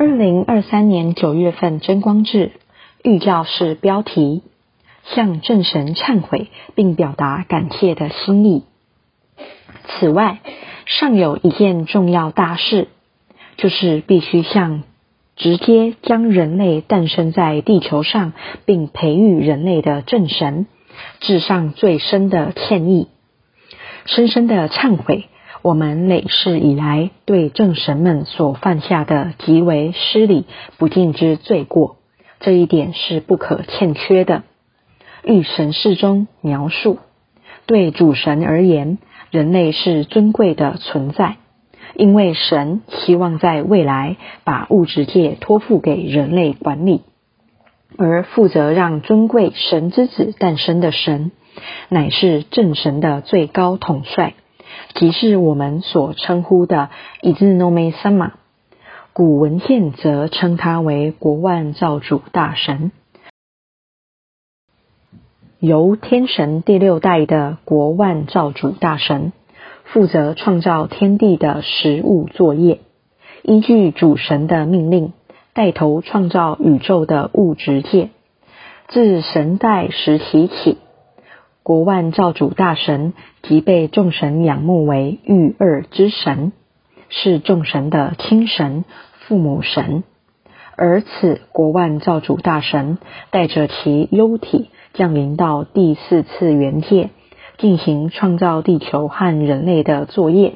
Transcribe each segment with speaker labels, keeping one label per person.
Speaker 1: 二零二三年九月份，真光誌御教示主標題，向正神懺悔並表達感謝的心意。此外，尚有一件重要大事，就是必須向直接將人類誕生在地球上並培育人類的正神，致上最深的歉意，深深的懺悔。我們累世以來對正神們所犯下的極為失禮不敬之罪過，這一點是不可欠缺的。《御神事》中描述，對主神而言，人類是尊貴的存在，因為神希望在未來把物質界託付給人類管理，而負責讓尊貴神之子誕生的神，乃是正神的最高統帥。即是我們所稱呼的伊茲諾梅森馬，古文獻則稱他為國萬造主大神。由天神第六代的國萬造主大神負責創造天地的食物作業，依據主神的命令，帶頭創造宇宙的物質界。自神代時期起，國萬造主大神即被眾神仰慕為御二之神，是眾神的親神、父母神。而此國萬造主大神帶着其幽體降臨到第四次元界，進行創造地球和人類的作業。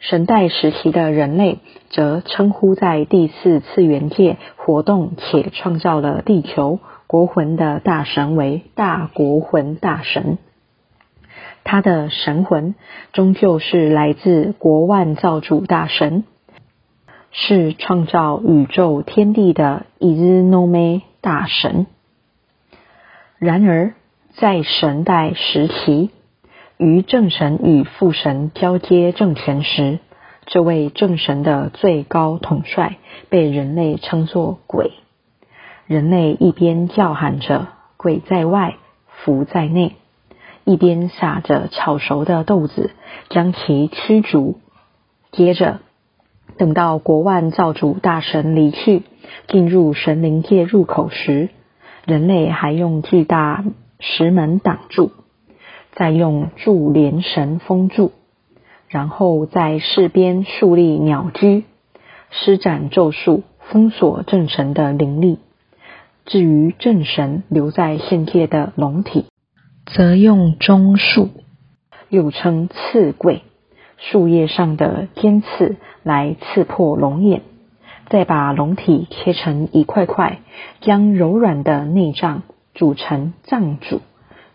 Speaker 1: 神代時期的人類則稱呼在第四次元界活動且創造了地球國魂的大神為大國魂大神，他的神魂終究是來自國萬造主大神，是創造宇宙天地的伊茲諾梅大神。然而，在神代時期，於正神與父神交接政權時，這位正神的最高統帥被人類稱作鬼。人類一邊叫喊着“鬼在外，福在內”，一邊撒着炒熟的豆子，將其驅逐。接着，等到國萬造主大神離去，進入神靈界入口時，人類還用巨大石門擋住，再用注連繩封住，然後在四邊樹立鳥居，施展咒術，封鎖正神的靈力。至於正神留在現界的龍體，則用棕樹，又稱刺桂，樹葉上的尖刺來刺破龍眼，再把龍體切成一塊塊，將柔軟的內臟煮成臟煮，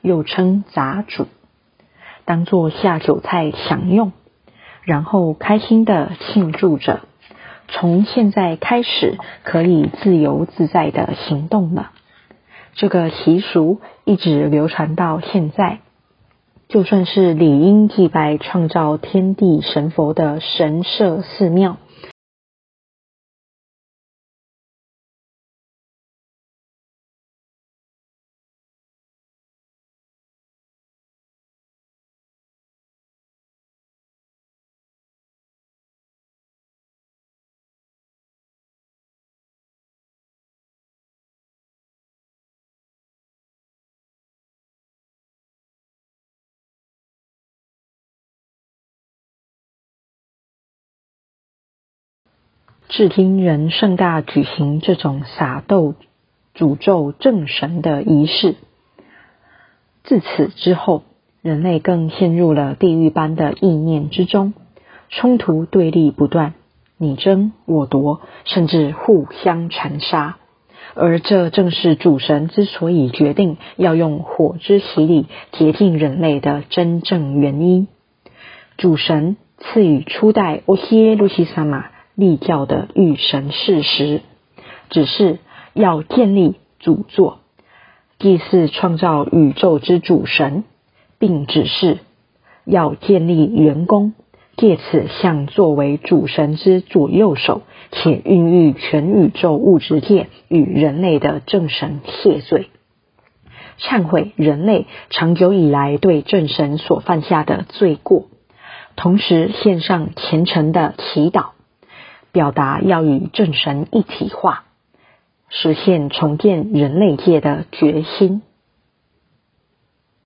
Speaker 1: 又稱雜煮，當做下酒菜享用，然後開心的慶祝着。從現在開始，可以自由自在的行動了。這個習俗一直流傳到現在，就算是理應祭拜創造天地神佛的神社寺廟。至今仍盛大舉行這種撒豆詛咒正神的儀式。自此之後，人類更陷入了地獄般的意念之中，衝突對立不斷，你爭我奪，甚至互相殘殺。而這正是主神之所以決定要用火之洗禮潔淨人類的真正原因。主神賜予初代奧希魯西薩瑪。立教的御神事實，指示要建立主座，祭祀創造宇宙之主神，並指示要建立元宮，借此向作為主神之左右手且孕育全宇宙物質界與人類的正神謝罪、懺悔人類長久以來對正神所犯下的罪過，同時獻上虔誠的祈禱。表達要與正神一體化，實現重建人類界的決心。